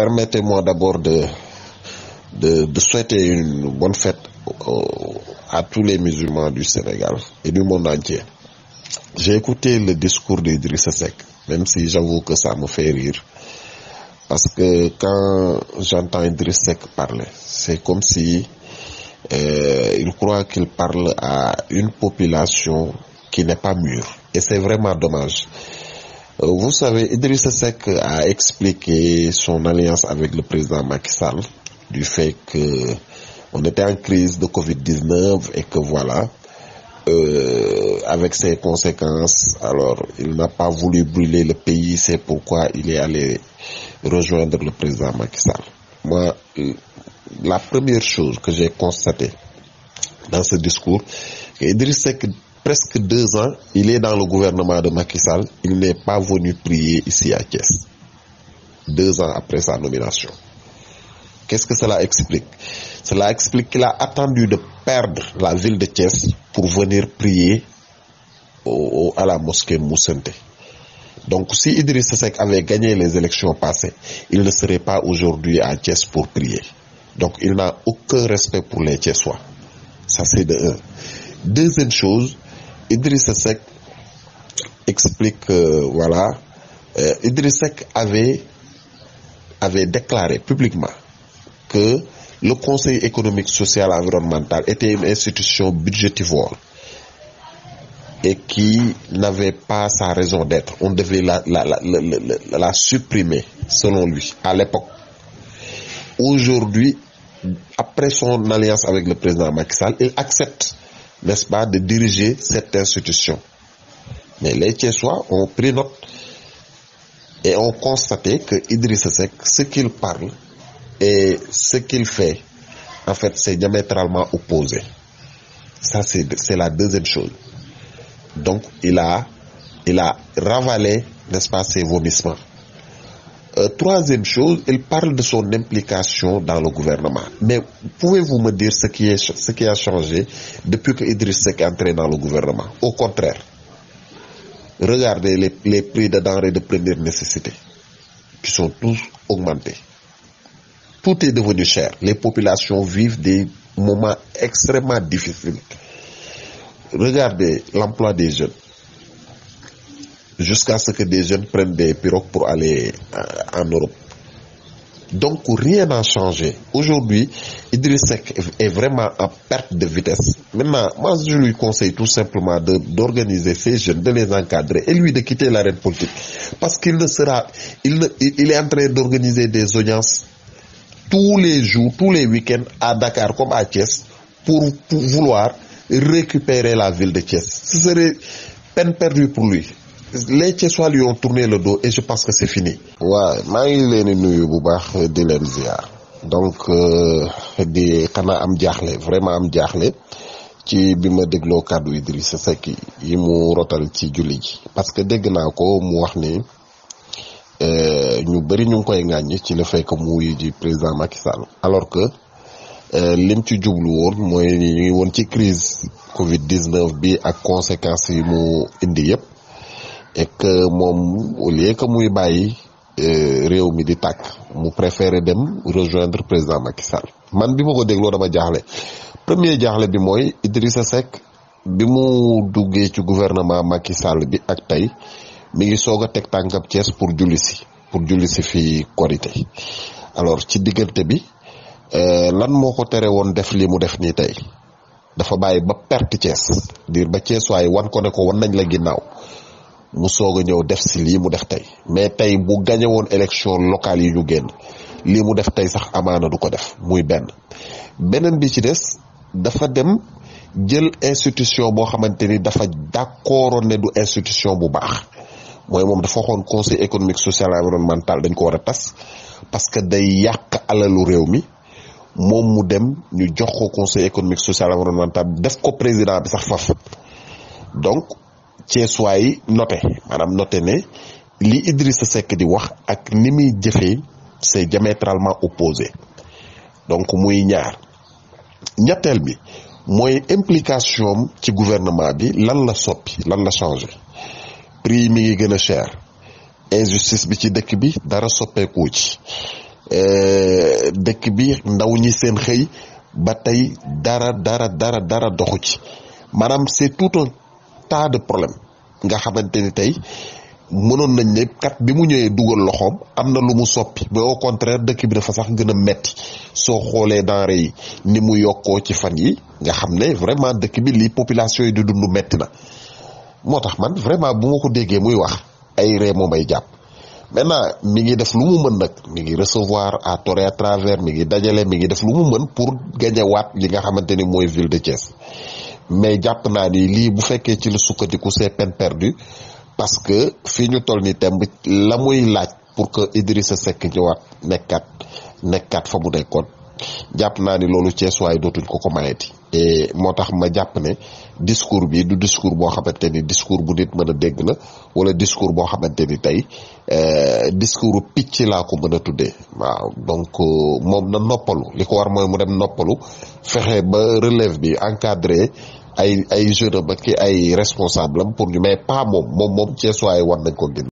permettez-moi d'abord de, de, souhaiter une bonne fête à tous les musulmans du Sénégal et du monde entier. J'ai écouté le discours d'Idrissa Seck, même si j'avoue que ça me fait rire. Parce que quand j'entends Idriss Sek parler, c'est comme si euh, il croit qu'il parle à une population qui n'est pas mûre. Et c'est vraiment dommage. Euh, vous savez, Idrissa Seck a expliqué son alliance avec le président Macky Sall du fait que on était en crise de Covid-19 et que voilà, euh, avec ses conséquences, alors il n'a pas voulu brûler le pays, c'est pourquoi il est allé rejoindre le président Macky Sall. Moi, euh, la première chose que j'ai constatée dans ce discours, Idriss Seck presque deux ans, il est dans le gouvernement de Macky Sall. Il n'est pas venu prier ici à Thiès. Deux ans après sa nomination. Qu'est-ce que cela explique Cela explique qu'il a attendu de perdre la ville de Thiès pour venir prier à la mosquée Moussente. Donc si Idriss avait gagné les élections passées, il ne serait pas aujourd'hui à Thiès pour prier. Donc il n'a aucun respect pour les Thiessois. Ça c'est de Deuxième chose, euh, Idriss Sek explique voilà, Idriss Sek avait, avait déclaré publiquement que le Conseil économique, social et environnemental était une institution budgétivore et qui n'avait pas sa raison d'être. On devait la, la, supprimer, selon lui, à l'époque. Aujourd'hui, après son alliance avec le président Macky Sall, il accepte n'est-ce pas, de diriger cette institution. Mais les Tchessois ont pris note et ont constaté que Idriss Seck, ce qu'il parle et ce qu'il fait, en fait, c'est diamétralement opposé. Ça, c'est la deuxième chose. Donc, il a, il a ravalé, n'est-ce pas, ses vomissements. Euh, troisième chose, elle parle de son implication dans le gouvernement. Mais pouvez-vous me dire ce qui, est, ce qui a changé depuis que Idriss est entré dans le gouvernement Au contraire, regardez les, les prix de denrées de première nécessité, qui sont tous augmentés. Tout est devenu cher. Les populations vivent des moments extrêmement difficiles. Regardez l'emploi des jeunes jusqu'à ce que des jeunes prennent des pirogues pour aller euh, en Europe. Donc rien n'a changé. Aujourd'hui, Idriss est vraiment en perte de vitesse. Maintenant, moi je lui conseille tout simplement d'organiser ces jeunes, de les encadrer et lui de quitter l'arène politique. Parce qu'il ne sera, il, est en train d'organiser des audiences tous les jours, tous les week-ends à Dakar comme à Thiès pour, pour vouloir récupérer la ville de Thiès. Ce serait peine perdue pour lui les Thiessois lui ont tourné le dos et je pense que c'est fini. Ouais, maa ngi leen nuyu bu di ziar donc euh, di xanaa am vraiment am jaaxle ci bima ma cadeau Idrissa Seki yi mu rotal ci julli ji parce que dégg naa ko mu wax ni euh, ñu bari ñu koy ŋàññi ci le fait que mu ji président Macky Sall alors que euh, lim ci jublu woon moy ñu won ci crise Covid 19 bi ak conséquences yi mu indi yépp et moom au que muy bàyyi euh, réew mi di tàkk mu préféré dem rejoindre président Macky man bi ma ko dégloo dama jaaxle premier jaaxle bi mooy Idrissa Seck bi mu duggee ci gouvernement Macky Sall bi ak tey mu ngi soog a teg tànkam Thiès pour julli si pour julli si fii Korité alors ci diggante bi euh, lan moo ko tere woon def li mu def nii tey dafa bàyyi ba perte Thiès diir ba Thiès waaye wan ko ne ko wan nañ la ginnaaw mu soog a ñëw def si lii mu def tey mais tey mu gañe woon élection locale yi ñu génn lii mu def tey sax amaana du ko def muy benn beneen bi ci des dafa dem jël institution boo xamante ni dafa d'accordoon ne du institution bu baax mooy moom dafa waxoon conseil économique social environnemental dañ ko war a tas parce que day yàq alalu réew mi moom mu dem ñu jox ko conseil économique social environnemental def ko président bi sax faf Chez noté madame, noté né li Idrissa Seck di wax ak sont c'est diamétralement opposé donc muy ñaar bi implication ci gouvernement bi lan la soppi lan la changer, prix mi ngi cher injustice bi ci dëkk bi dara ci euh, dëkk bi ndaw ñi seen c'est tout un tas de problème nga xamante ni tey mënoon nañ ne kat bi mu ñëwee dugal loxoom am na lu mu soppi mais au contraire dëkk bi dafa sax gën a metti soo xoolee denrée yi ni mu yokkoo ci fan yi nga xam ne vraiment dëkk bi li population yi di dund metti na moo tax man vraiment bu ma ko déggee muy wax ay ree moo may jàpp maintenant mi ngi def lu mu mën nag mi ngi recevoir à tort à travers mi ngi dajalee mi ngi def lu mu mën pour gañewaat li nga xamante ni mooy ville de Thiès mais jàpp naa ni lii bu fekke ci la sukkandiku c'est peine perdue parce que fii ñu toll ni temb la muy laaj pour que Idrissa Seck wat nekkat nekkat fa mu nekkoon jàpp naa ni loolu Cees waay dootuñ ko ko mayeeti et motax ma japp ne discours bi du discours bo xamante discours bu nit meuna a dégg la wala discours boo xamante tay euh discours picc la ko meuna tuddé tuddee waaw donc euh, mom na noppalu liko war moy mu dem noppalu fexé ba relève bi encadrer ay ay jeu de ba ki ay responsable am pour ñu mais pas moom moom moom Cees waaye war nañ ko génn